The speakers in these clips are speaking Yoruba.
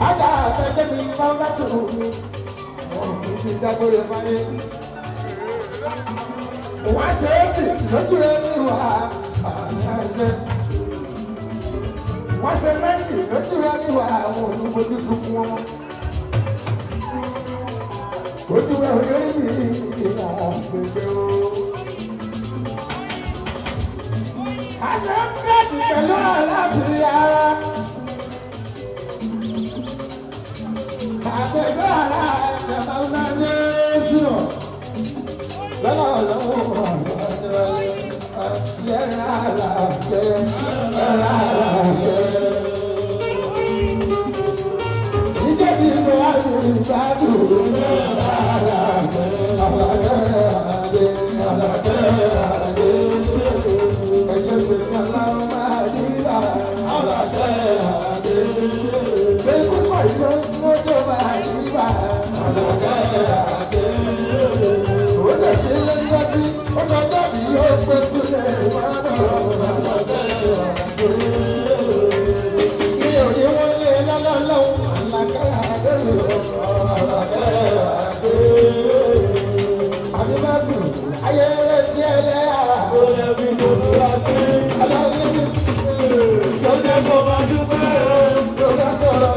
Ada àtẹ̀jẹ́ mi máa ń bá tòun. Ọ̀rọ̀ mi ti dágbére fáyé. Wá ṣe é sì lójú ẹni wà àmì àìsẹ́. Wá ṣe mẹ́sì lójú ẹni wà àwọn olùgbòdì sunkún wọn. Ojú ẹ̀ lórí mi ìlà gbèsè o. Àṣẹ ń bẹ̀rù pẹ̀lú àlàáfíà. I'm ara ẹ̀jẹ̀ máa ń lé sùn. do lọ́wọ́ yẹra àlàyé yẹra àlàyé. ìjẹ́bi ìgbà àti ìgbà tó yẹra àlàyé. ayẹyẹ sí ẹlẹ àrà. ó lè fi kò múra sí. aláyé mi. tó jẹ́ kó máa dúpẹ́ o. ló bá sọ̀rọ̀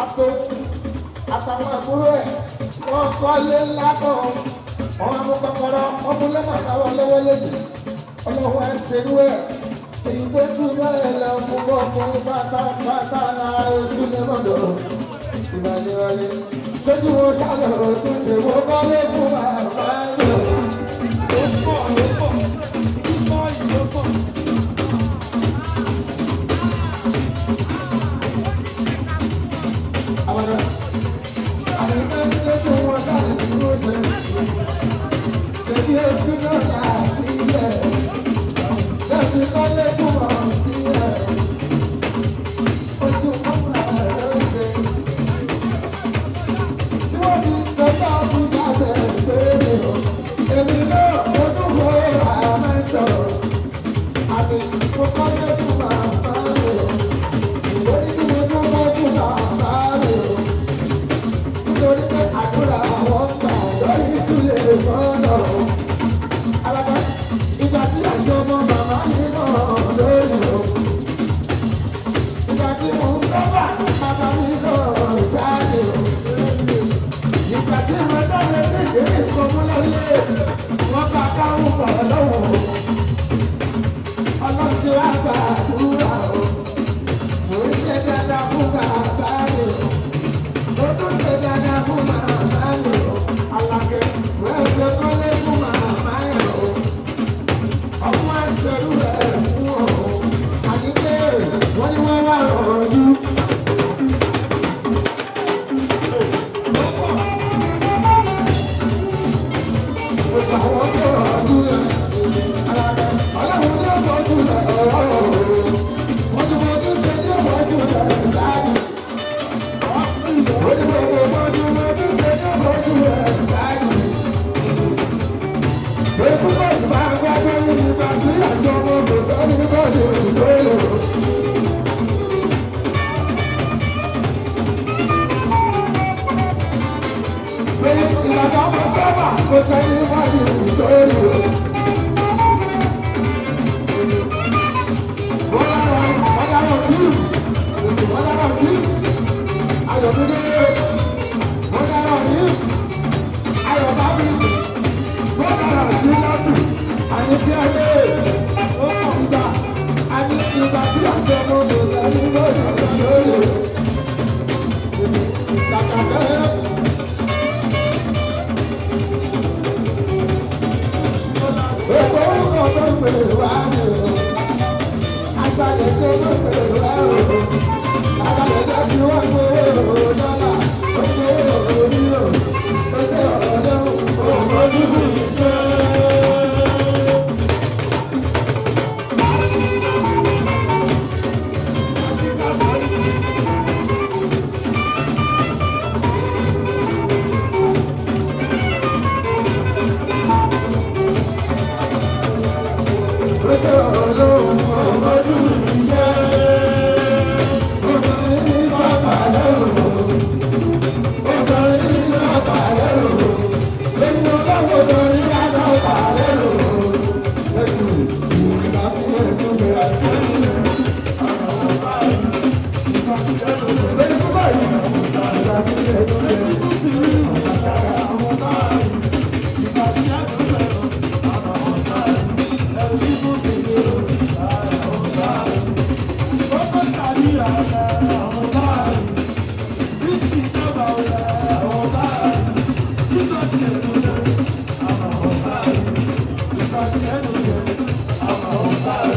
àtòkù àtàwọn àbúrò ẹ̀ wọ́n kọ́lé ńlá kan wọ́n amú kọ́kọ́rọ́ ọmọlé màtá wọlé wọlé dùn ọlọ́wọ́ ẹ̀ ṣerú ẹ̀ èyí tó tún bẹ́ẹ̀ lọ fún ọkùnrin pátápátá náà oṣù lẹ́mọ̀dọ̀ ìbànírànlẹ́ sójú wọn sálọ̀ tó ṣe wọ́n kọ́lé fún wa. you. ọmọ sábà kò sẹ́yìn wájú tó èrò. Ọ̀daràn ọ̀daràn kú, ọ̀daràn kú, àjọ̀dún dé.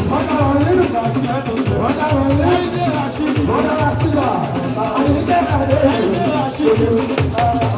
Thank you.